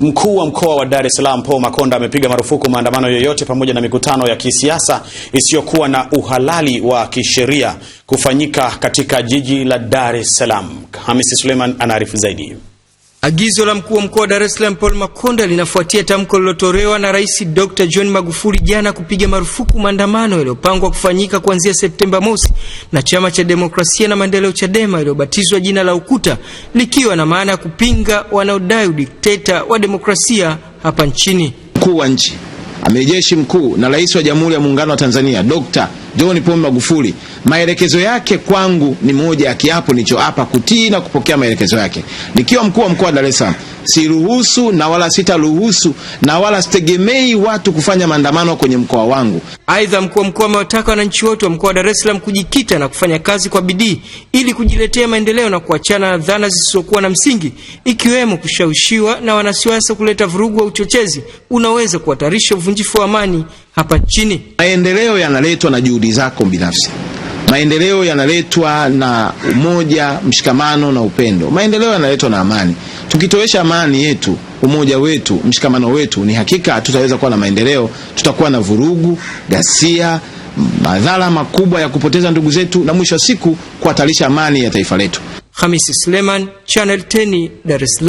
Mkuu wa mkoa wa Dar es Salaam Paul Makonda amepiga marufuku maandamano yoyote pamoja na mikutano ya kisiasa isiyokuwa na uhalali wa kisheria kufanyika katika jiji la Dar es Salaam. Hamisi Suleiman anaarifu zaidi. Agizo la mkuu wa mkoa wa Dar es Salaam Paul Makonda linafuatia tamko lililotolewa na Rais Dr. John Magufuli jana kupiga marufuku maandamano yaliyopangwa kufanyika kuanzia Septemba mosi na Chama cha Demokrasia na Maendeleo Chadema iliyobatizwa jina la UKUTA likiwa na maana ya kupinga wanaodai udikteta wa demokrasia hapa nchini. Mkuu wa nchi, amejeshi mkuu na rais wa Jamhuri ya Muungano wa Tanzania Dr. John Pombe Magufuli, maelekezo yake kwangu ni moja ya kiapo nilichoapa kutii na kupokea maelekezo yake. Nikiwa mkuu wa mkoa wa Dar es Salaam, siruhusu na wala sitaruhusu na wala sitegemei watu kufanya maandamano kwenye mkoa wangu. Aidha, mkuu wa mkoa amewataka wananchi wote wa mkoa wa Dar es Salaam kujikita na kufanya kazi kwa bidii ili kujiletea maendeleo na kuachana na dhana zisizokuwa na msingi, ikiwemo kushawishiwa na wanasiasa kuleta vurugu wa uchochezi unaweza kuhatarisha uvunjifu wa amani hapa nchini. Maendeleo yanaletwa na juu juhudi zako binafsi. Maendeleo yanaletwa na umoja, mshikamano na upendo. Maendeleo yanaletwa na amani. Tukitowesha amani yetu, umoja wetu, mshikamano wetu, ni hakika tutaweza kuwa na maendeleo. Tutakuwa na vurugu, ghasia, madhara makubwa ya kupoteza ndugu zetu, na mwisho wa siku kuhatarisha amani ya taifa letu. Hamisi Suleman, Channel 10, Dar es Salaam.